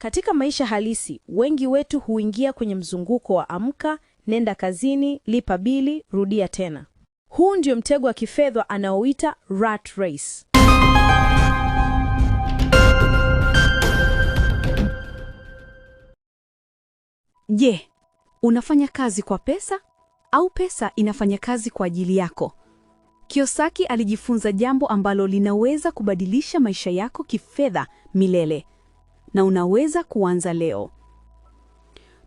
Katika maisha halisi, wengi wetu huingia kwenye mzunguko wa amka, nenda kazini, lipa bili, rudia tena. Huu ndio mtego wa kifedha anaoita rat race. Je, yeah, unafanya kazi kwa pesa au pesa inafanya kazi kwa ajili yako? Kiyosaki alijifunza jambo ambalo linaweza kubadilisha maisha yako kifedha milele na unaweza kuanza leo.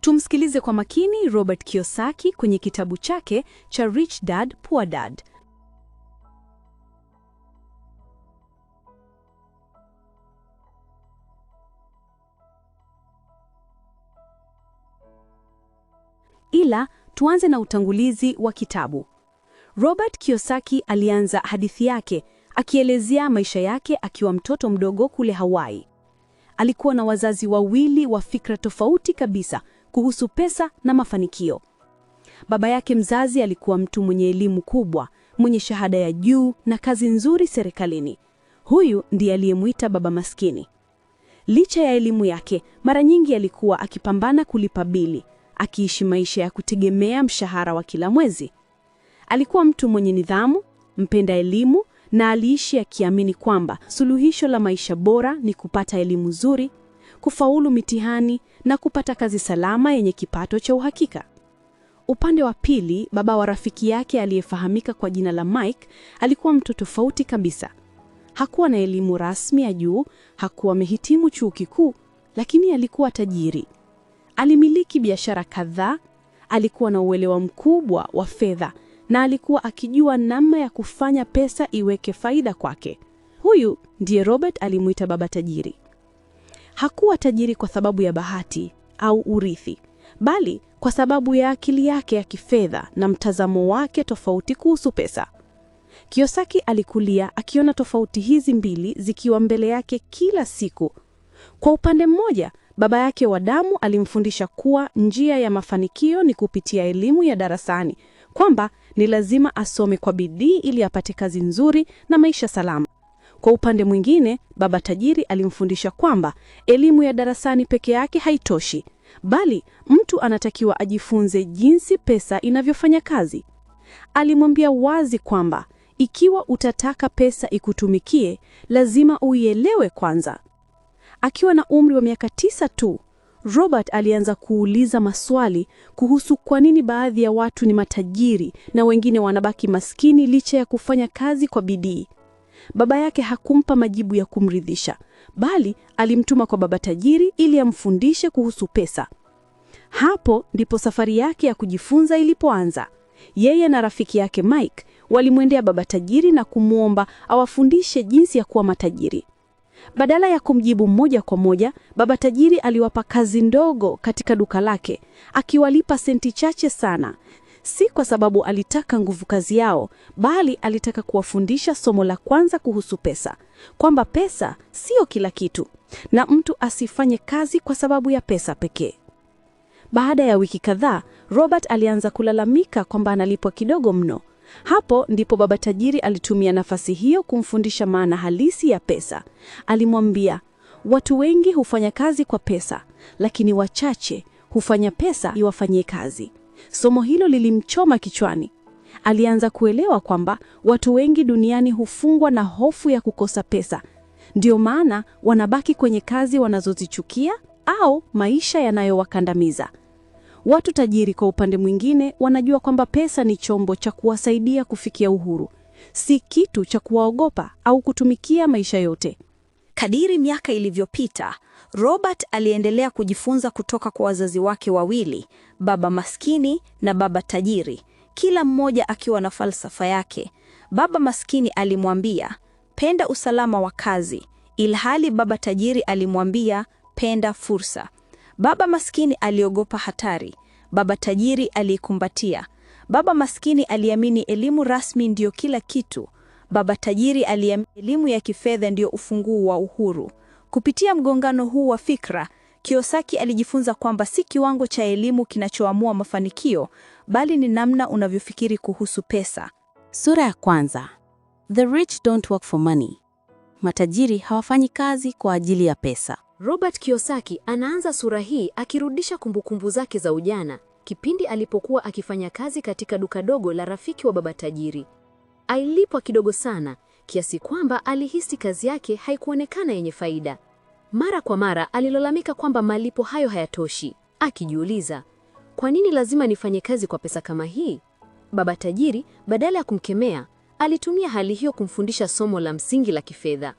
Tumsikilize kwa makini Robert Kiyosaki kwenye kitabu chake cha Rich Dad Poor Dad. Ila tuanze na utangulizi wa kitabu. Robert Kiyosaki alianza hadithi yake akielezea maisha yake akiwa mtoto mdogo kule Hawaii alikuwa na wazazi wawili wa fikra tofauti kabisa kuhusu pesa na mafanikio. Baba yake mzazi alikuwa mtu mwenye elimu kubwa, mwenye shahada ya juu na kazi nzuri serikalini. Huyu ndiye aliyemuita baba maskini. Licha ya elimu yake, mara nyingi alikuwa akipambana kulipa bili, akiishi maisha ya kutegemea mshahara wa kila mwezi. Alikuwa mtu mwenye nidhamu, mpenda elimu na aliishi akiamini kwamba suluhisho la maisha bora ni kupata elimu nzuri, kufaulu mitihani na kupata kazi salama yenye kipato cha uhakika. Upande wa pili, baba wa rafiki yake aliyefahamika kwa jina la Mike alikuwa mtu tofauti kabisa. Hakuwa na elimu rasmi ya juu, hakuwa amehitimu chuo kikuu, lakini alikuwa tajiri. Alimiliki biashara kadhaa, alikuwa na uelewa mkubwa wa fedha na alikuwa akijua namna ya kufanya pesa iweke faida kwake. Huyu ndiye Robert alimwita baba tajiri. Hakuwa tajiri kwa sababu ya bahati au urithi, bali kwa sababu ya akili yake ya kifedha na mtazamo wake tofauti kuhusu pesa. Kiyosaki alikulia akiona tofauti hizi mbili zikiwa mbele yake kila siku. Kwa upande mmoja, baba yake wa damu alimfundisha kuwa njia ya mafanikio ni kupitia elimu ya darasani, kwamba ni lazima asome kwa bidii ili apate kazi nzuri na maisha salama. Kwa upande mwingine, baba tajiri alimfundisha kwamba elimu ya darasani peke yake haitoshi, bali mtu anatakiwa ajifunze jinsi pesa inavyofanya kazi. Alimwambia wazi kwamba ikiwa utataka pesa ikutumikie, lazima uielewe kwanza. Akiwa na umri wa miaka tisa tu Robert alianza kuuliza maswali kuhusu kwa nini baadhi ya watu ni matajiri na wengine wanabaki maskini licha ya kufanya kazi kwa bidii. Baba yake hakumpa majibu ya kumridhisha, bali alimtuma kwa baba tajiri ili amfundishe kuhusu pesa. Hapo ndipo safari yake ya kujifunza ilipoanza. Yeye na rafiki yake Mike walimwendea baba tajiri na kumwomba awafundishe jinsi ya kuwa matajiri. Badala ya kumjibu moja kwa moja, baba tajiri aliwapa kazi ndogo katika duka lake, akiwalipa senti chache sana, si kwa sababu alitaka nguvu kazi yao, bali alitaka kuwafundisha somo la kwanza kuhusu pesa, kwamba pesa sio kila kitu na mtu asifanye kazi kwa sababu ya pesa pekee. Baada ya wiki kadhaa, Robert alianza kulalamika kwamba analipwa kidogo mno. Hapo ndipo baba tajiri alitumia nafasi hiyo kumfundisha maana halisi ya pesa. Alimwambia, watu wengi hufanya kazi kwa pesa, lakini wachache hufanya pesa iwafanyie kazi. Somo hilo lilimchoma kichwani. Alianza kuelewa kwamba watu wengi duniani hufungwa na hofu ya kukosa pesa. Ndio maana wanabaki kwenye kazi wanazozichukia au maisha yanayowakandamiza. Watu tajiri kwa upande mwingine wanajua kwamba pesa ni chombo cha kuwasaidia kufikia uhuru, si kitu cha kuwaogopa au kutumikia maisha yote. Kadiri miaka ilivyopita, Robert aliendelea kujifunza kutoka kwa wazazi wake wawili, baba maskini na baba tajiri, kila mmoja akiwa na falsafa yake. Baba maskini alimwambia penda usalama wa kazi, ilhali baba tajiri alimwambia penda fursa. Baba maskini aliogopa hatari, baba tajiri aliikumbatia. Baba maskini aliamini elimu rasmi ndiyo kila kitu, baba tajiri aliamini elimu ya kifedha ndiyo ufunguo wa uhuru. Kupitia mgongano huu wa fikra, Kiyosaki alijifunza kwamba si kiwango cha elimu kinachoamua mafanikio, bali ni namna unavyofikiri kuhusu pesa. Sura ya kwanza. The rich don't work for money. Matajiri hawafanyi kazi kwa ajili ya pesa. Robert Kiyosaki anaanza sura hii akirudisha kumbukumbu zake za ujana, kipindi alipokuwa akifanya kazi katika duka dogo la rafiki wa baba tajiri. Alilipwa kidogo sana kiasi kwamba alihisi kazi yake haikuonekana yenye faida. Mara kwa mara alilalamika kwamba malipo hayo hayatoshi, akijiuliza, kwa nini lazima nifanye kazi kwa pesa kama hii? Baba tajiri badala ya kumkemea, alitumia hali hiyo kumfundisha somo la msingi la kifedha.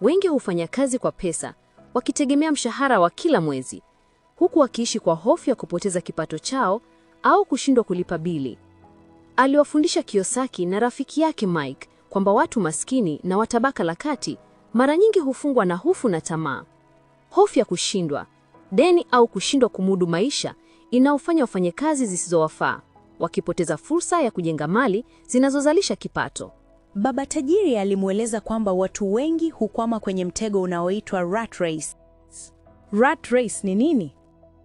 Wengi hufanya kazi kwa pesa wakitegemea mshahara wa kila mwezi, huku wakiishi kwa hofu ya kupoteza kipato chao au kushindwa kulipa bili. Aliwafundisha Kiyosaki na rafiki yake Mike kwamba watu maskini na wa tabaka la kati mara nyingi hufungwa na hofu na tamaa. Hofu ya kushindwa, deni au kushindwa kumudu maisha inaofanya wafanye kazi zisizowafaa, wakipoteza fursa ya kujenga mali zinazozalisha kipato. Baba tajiri alimweleza kwamba watu wengi hukwama kwenye mtego unaoitwa rat race. Rat race ni nini?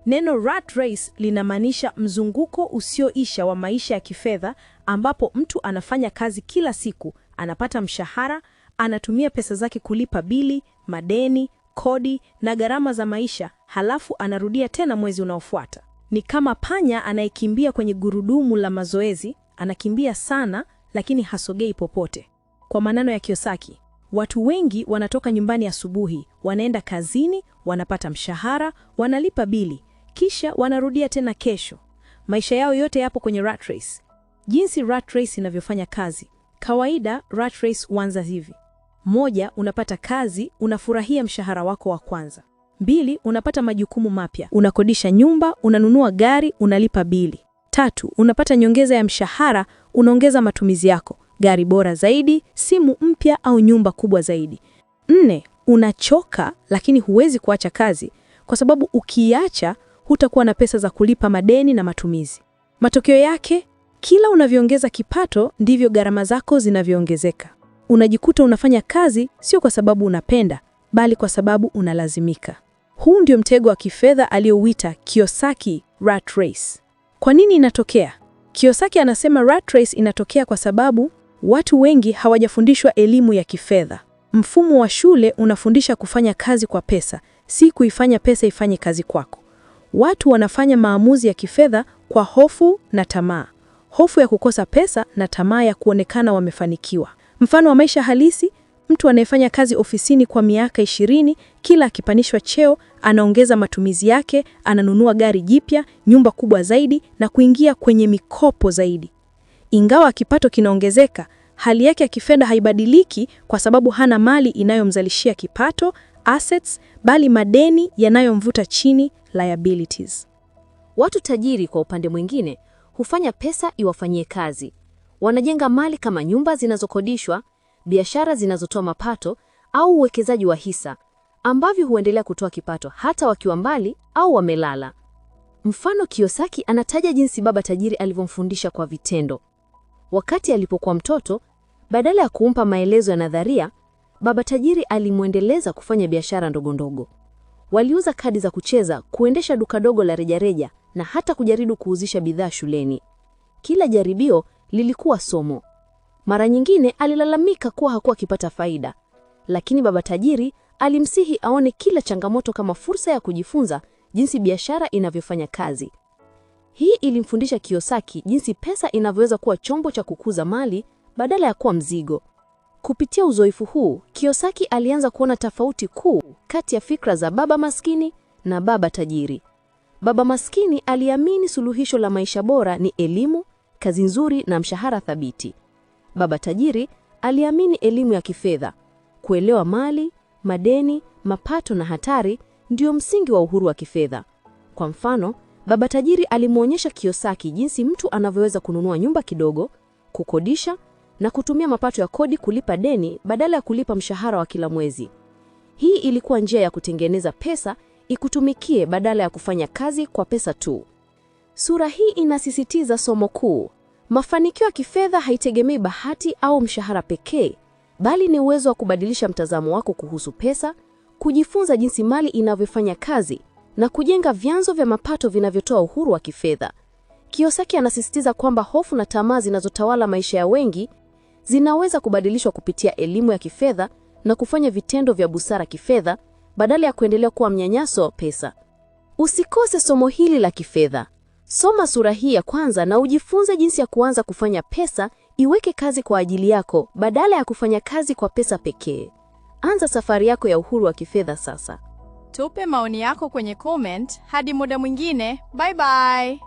Neno rat race linamaanisha mzunguko usioisha wa maisha ya kifedha ambapo mtu anafanya kazi kila siku, anapata mshahara, anatumia pesa zake kulipa bili, madeni, kodi na gharama za maisha, halafu anarudia tena mwezi unaofuata. Ni kama panya anayekimbia kwenye gurudumu la mazoezi, anakimbia sana lakini hasogei popote. Kwa maneno ya Kiyosaki, watu wengi wanatoka nyumbani asubuhi, wanaenda kazini, wanapata mshahara, wanalipa bili, kisha wanarudia tena kesho. Maisha yao yote yapo kwenye rat race. Jinsi rat race inavyofanya kazi kawaida, rat race huanza hivi: moja, unapata kazi, unafurahia mshahara wako wa kwanza. Mbili, unapata majukumu mapya, unakodisha nyumba, unanunua gari, unalipa bili. Tatu, unapata nyongeza ya mshahara, unaongeza matumizi yako, gari bora zaidi, simu mpya au nyumba kubwa zaidi. Nne, unachoka lakini huwezi kuacha kazi, kwa sababu ukiacha hutakuwa na pesa za kulipa madeni na matumizi. Matokeo yake, kila unavyoongeza kipato ndivyo gharama zako zinavyoongezeka. Unajikuta unafanya kazi sio kwa sababu unapenda, bali kwa sababu unalazimika. Huu ndio mtego wa kifedha aliyouita Kiyosaki rat race. Kwa nini inatokea? Kiyosaki anasema rat race inatokea kwa sababu watu wengi hawajafundishwa elimu ya kifedha. Mfumo wa shule unafundisha kufanya kazi kwa pesa, si kuifanya pesa ifanye kazi kwako. Watu wanafanya maamuzi ya kifedha kwa hofu na tamaa, hofu ya kukosa pesa na tamaa ya kuonekana wamefanikiwa. Mfano wa maisha halisi mtu anayefanya kazi ofisini kwa miaka ishirini, kila akipanishwa cheo anaongeza matumizi yake, ananunua gari jipya, nyumba kubwa zaidi na kuingia kwenye mikopo zaidi. Ingawa kipato kinaongezeka, hali yake ya kifedha haibadiliki kwa sababu hana mali inayomzalishia kipato assets, bali madeni yanayomvuta chini liabilities. Watu tajiri kwa upande mwingine hufanya pesa iwafanyie kazi. Wanajenga mali kama nyumba zinazokodishwa biashara zinazotoa mapato au uwekezaji wa hisa ambavyo huendelea kutoa kipato hata wakiwa mbali au wamelala. Mfano, Kiyosaki anataja jinsi baba tajiri alivyomfundisha kwa vitendo. Wakati alipokuwa mtoto, badala ya kumpa maelezo ya nadharia, baba tajiri alimwendeleza kufanya biashara ndogo ndogo. Waliuza kadi za kucheza, kuendesha duka dogo la rejareja na hata kujaribu kuuzisha bidhaa shuleni. Kila jaribio lilikuwa somo. Mara nyingine alilalamika kuwa hakuwa akipata faida, lakini baba tajiri alimsihi aone kila changamoto kama fursa ya kujifunza jinsi biashara inavyofanya kazi. Hii ilimfundisha Kiyosaki jinsi pesa inavyoweza kuwa chombo cha kukuza mali badala ya kuwa mzigo. Kupitia uzoefu huu, Kiyosaki alianza kuona tofauti kuu kati ya fikra za baba maskini na baba tajiri. Baba maskini aliamini suluhisho la maisha bora ni elimu, kazi nzuri na mshahara thabiti. Baba tajiri aliamini elimu ya kifedha, kuelewa mali, madeni, mapato na hatari ndio msingi wa uhuru wa kifedha. Kwa mfano, baba tajiri alimwonyesha Kiyosaki jinsi mtu anavyoweza kununua nyumba kidogo, kukodisha na kutumia mapato ya kodi kulipa deni badala ya kulipa mshahara wa kila mwezi. Hii ilikuwa njia ya kutengeneza pesa ikutumikie badala ya kufanya kazi kwa pesa tu. Sura hii inasisitiza somo kuu: Mafanikio ya kifedha haitegemei bahati au mshahara pekee, bali ni uwezo wa kubadilisha mtazamo wako kuhusu pesa, kujifunza jinsi mali inavyofanya kazi na kujenga vyanzo vya mapato vinavyotoa uhuru wa kifedha. Kiyosaki anasisitiza kwamba hofu na tamaa zinazotawala maisha ya wengi zinaweza kubadilishwa kupitia elimu ya kifedha na kufanya vitendo vya busara kifedha badala ya kuendelea kuwa mnyanyaso wa pesa. Usikose somo hili la kifedha. Soma sura hii ya kwanza na ujifunze jinsi ya kuanza kufanya pesa iweke kazi kwa ajili yako badala ya kufanya kazi kwa pesa pekee. Anza safari yako ya uhuru wa kifedha sasa. Tupe maoni yako kwenye comment. Hadi muda mwingine, bye bye.